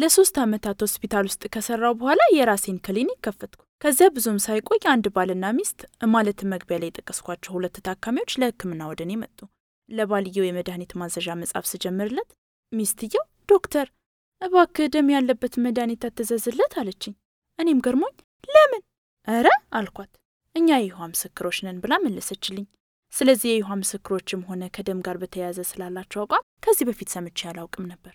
ለሶስት ዓመታት ሆስፒታል ውስጥ ከሰራው በኋላ የራሴን ክሊኒክ ከፈትኩ። ከዚያ ብዙም ሳይቆይ አንድ ባልና ሚስት ማለት መግቢያ ላይ የጠቀስኳቸው ሁለት ታካሚዎች ለሕክምና ወደ እኔ መጡ። ለባልየው የመድኃኒት ማዘዣ መጻፍ ስጀምርለት ሚስትየው ዶክተር እባክህ ደም ያለበት መድኃኒት አትዘዝለት አለችኝ። እኔም ገርሞኝ ለምን እረ አልኳት። እኛ የይሖዋ ምስክሮች ነን ብላ መለሰችልኝ። ስለዚህ የይሖዋ ምስክሮችም ሆነ ከደም ጋር በተያያዘ ስላላቸው አቋም ከዚህ በፊት ሰምቼ አላውቅም ነበር።